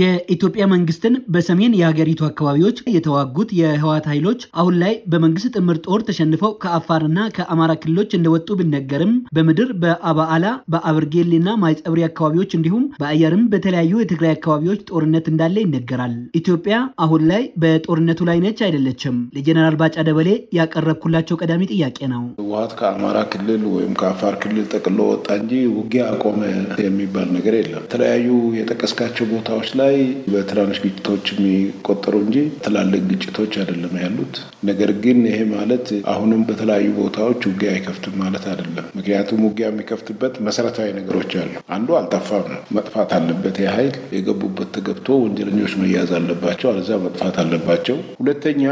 የኢትዮጵያ መንግስትን በሰሜን የሀገሪቱ አካባቢዎች የተዋጉት የህወሓት ኃይሎች አሁን ላይ በመንግስት ጥምር ጦር ተሸንፈው ከአፋርና ከአማራ ክልሎች እንደወጡ ቢነገርም በምድር በአባአላ በአብርጌሌና ማይጸብሪ አካባቢዎች እንዲሁም በአየርም በተለያዩ የትግራይ አካባቢዎች ጦርነት እንዳለ ይነገራል። ኢትዮጵያ አሁን ላይ በጦርነቱ ላይ ነች አይደለችም? ለጀነራል ባጫ ደበሌ ያቀረብኩላቸው ቀዳሚ ጥያቄ ነው። ህወሓት ከአማራ ክልል ወይም ከአፋር ክልል ጠቅሎ ወጣ እንጂ ውጊያ አቆመ የሚባል ነገር የለም። የተለያዩ የጠቀስካቸው ቦታዎች ላይ በትናንሽ ግጭቶች የሚቆጠሩ እንጂ ትላልቅ ግጭቶች አይደለም ያሉት። ነገር ግን ይሄ ማለት አሁንም በተለያዩ ቦታዎች ውጊያ አይከፍትም ማለት አይደለም። ምክንያቱም ውጊያ የሚከፍትበት መሰረታዊ ነገሮች አሉ። አንዱ አልጠፋም ነው። መጥፋት አለበት። ኃይል የገቡበት ተገብቶ ወንጀለኞች መያዝ አለባቸው፣ አለዚያ መጥፋት አለባቸው። ሁለተኛ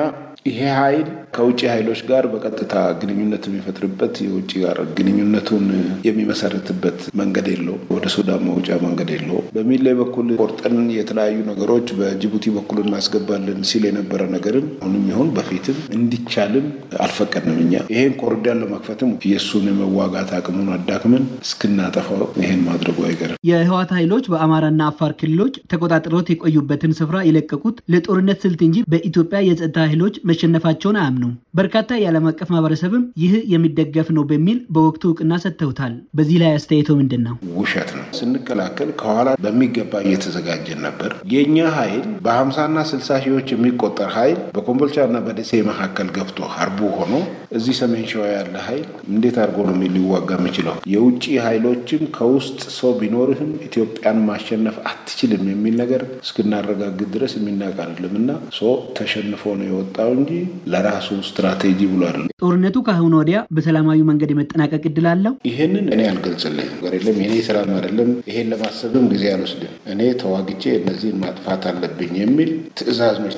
ይሄ ኃይል ከውጭ ኃይሎች ጋር በቀጥታ ግንኙነት የሚፈጥርበት የውጭ ጋር ግንኙነቱን የሚመሰርትበት መንገድ የለውም። ወደ ሱዳን መውጫ መንገድ የለውም በሚል ላይ በኩል ቆርጠን የተለያዩ ነገሮች በጅቡቲ በኩል እናስገባለን ሲል የነበረ ነገርም አሁንም ይሁን በፊትም እንዲቻልም አልፈቀድንም። እኛ ይሄን ኮሪደር ለመክፈትም የእሱን የመዋጋት አቅሙን አዳክምን እስክናጠፋው ይሄን ማድረጉ አይገርም። የህወሓት ኃይሎች በአማራና አፋር ክልሎች ተቆጣጥሮት የቆዩበትን ስፍራ የለቀቁት ለጦርነት ስልት እንጂ በኢትዮጵያ የጸጥታ ኃይሎች መሸነፋቸውን አያምኑም። በርካታ የዓለም አቀፍ ማህበረሰብም ይህ የሚደገፍ ነው በሚል በወቅቱ እውቅና ሰጥተውታል። በዚህ ላይ አስተያየቶ ምንድን ነው? ውሸት ነው። ስንከላከል ከኋላ በሚገባ እየተዘጋጀን ነበር። የእኛ ኃይል በሀምሳና ስልሳ ሺዎች የሚቆጠር ኃይል በኮምቦልቻና በደሴ መካከል ገብቶ አርቡ ሆኖ እዚህ ሰሜን ሸዋ ያለ ኃይል እንዴት አድርጎ ነው ሊዋጋ የሚችለው? የውጭ ኃይሎችም ከውስጥ ሰው ቢኖርህም ኢትዮጵያን ማሸነፍ አትችልም የሚል ነገር እስክናረጋግጥ ድረስ የሚናቅ አይደለም እና ሰው ተሸንፎ ነው የወጣው እንጂ ለራሱ ስትራቴጂ ብሎ አይደለም። ጦርነቱ ከአሁን ወዲያ በሰላማዊ መንገድ የመጠናቀቅ እድል አለው። ይህንን እኔ አልገልጽልኝም። ነገር የለም የኔ ስራም አይደለም። ይሄን ለማሰብም ጊዜ አልወስድም። እኔ ተዋግቼ እነዚህን ማጥፋት አለብኝ የሚል ትዕዛዝ ነው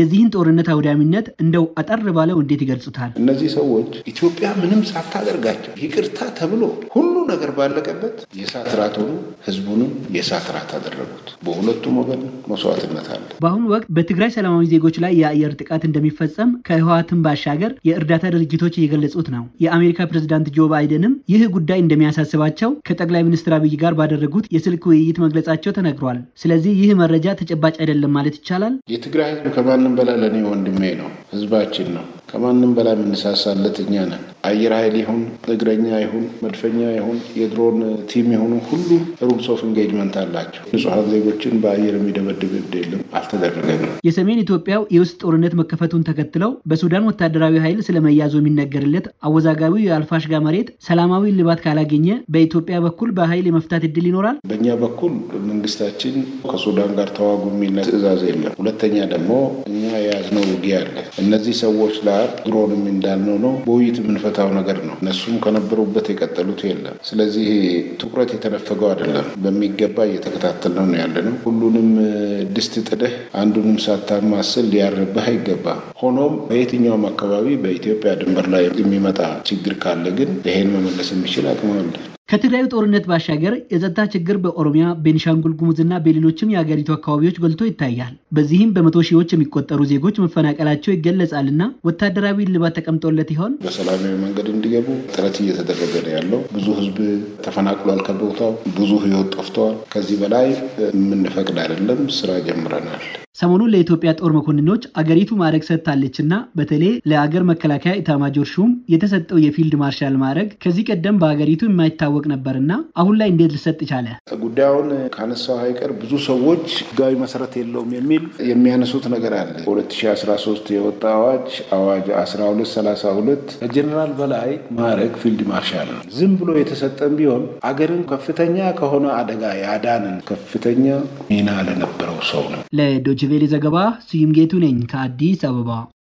የዚህን ጦርነት አውዳሚነት እንደው አጠር ባለው እንዴት ይገልጹታል? እነዚህ ሰዎች ኢትዮጵያ ምንም ሳታደርጋቸው ይቅርታ ተብሎ ሁሉ ነገር ባለቀበት የእሳት ራት ሆኑ፣ ህዝቡንም የእሳት ራት አደረጉት። በሁለቱም ወገን መስዋዕትነት አለ። በአሁኑ ወቅት በትግራይ ሰላማዊ ዜጎች ላይ የአየር ጥቃት እንደሚ እንደሚፈጸም ከህወሓትም ባሻገር የእርዳታ ድርጅቶች እየገለጹት ነው። የአሜሪካ ፕሬዝዳንት ጆ ባይደንም ይህ ጉዳይ እንደሚያሳስባቸው ከጠቅላይ ሚኒስትር አብይ ጋር ባደረጉት የስልክ ውይይት መግለጻቸው ተነግሯል። ስለዚህ ይህ መረጃ ተጨባጭ አይደለም ማለት ይቻላል። የትግራይ ህዝብ ከማንም በላይ ለእኔ ወንድሜ ነው፣ ህዝባችን ነው። ከማንም በላይ የምንሳሳለት እኛ ነን። አየር ኃይል ይሁን እግረኛ ይሁን መድፈኛ ይሁን የድሮን ቲም የሆኑ ሁሉ ሩልስ ኦፍ ኢንጌጅመንት አላቸው። ንጹሐን ዜጎችን በአየር የሚደበድብ እብድ የለም፣ አልተደረገም። የሰሜን ኢትዮጵያው የውስጥ ጦርነት መከፈቱን ተከትለው በሱዳን ወታደራዊ ኃይል ስለመያዙ የሚነገርለት አወዛጋቢው የአልፋሽጋ መሬት ሰላማዊ ልባት ካላገኘ በኢትዮጵያ በኩል በኃይል የመፍታት እድል ይኖራል። በእኛ በኩል መንግስታችን ከሱዳን ጋር ተዋጉ የሚል ትዕዛዝ የለም። ሁለተኛ ደግሞ የያዝነው ውጊያ አለ። እነዚህ ሰዎች ለአብ ድሮንም እንዳልነው ነው በውይይት የምንፈታው ነገር ነው። እነሱም ከነበሩበት የቀጠሉት የለም። ስለዚህ ትኩረት የተነፈገው አይደለም። በሚገባ እየተከታተልነው ነው ያለ ነው። ሁሉንም ድስት ጥደህ አንዱንም ሳታማስል ሊያርብህ አይገባም። ሆኖም በየትኛውም አካባቢ በኢትዮጵያ ድንበር ላይ የሚመጣ ችግር ካለ ግን ይሄን መመለስ የሚችል አቅም አለ። ከትግራዩ ጦርነት ባሻገር የጸጥታ ችግር በኦሮሚያ፣ ቤኒሻንጉል እና በሌሎችም የአገሪቱ አካባቢዎች ጎልቶ ይታያል። በዚህም በመቶ ሺዎች የሚቆጠሩ ዜጎች መፈናቀላቸው ይገለጻልና ወታደራዊ ልባት ተቀምጦለት ይሆን? በሰላማዊ መንገድ እንዲገቡ ጥረት እየተደረገ ነው ያለው። ብዙ ህዝብ ተፈናቅሏል ከቦታው ብዙ ህይወት ጠፍተዋል። ከዚህ በላይ የምንፈቅድ አይደለም። ስራ ጀምረናል። ሰሞኑን ለኢትዮጵያ ጦር መኮንኖች አገሪቱ ማዕረግ ሰጥታለች በተለይ ለአገር መከላከያ ኢታማጆር ሹም የተሰጠው የፊልድ ማርሻል ማዕረግ ከዚህ ቀደም በሀገሪቱ የማይታወቅ ነበርና አሁን ላይ እንዴት ልሰጥ ይቻለ? ጉዳዩን ካነሳው ሀይቀር ብዙ ሰዎች ህጋዊ መሰረት የለውም የሚል የሚያነሱት ነገር አለ። 2013 የወጣ አዋጅ አዋጅ 1232 ከጀኔራል በላይ ማዕረግ ፊልድ ማርሻል ነው። ዝም ብሎ የተሰጠን ቢሆን አገርን ከፍተኛ ከሆነ አደጋ ያዳንን ከፍተኛ ሚና ለነበረው ሰው ነው። Jii'ochi Veeleza Gabaa Siyim Geetuu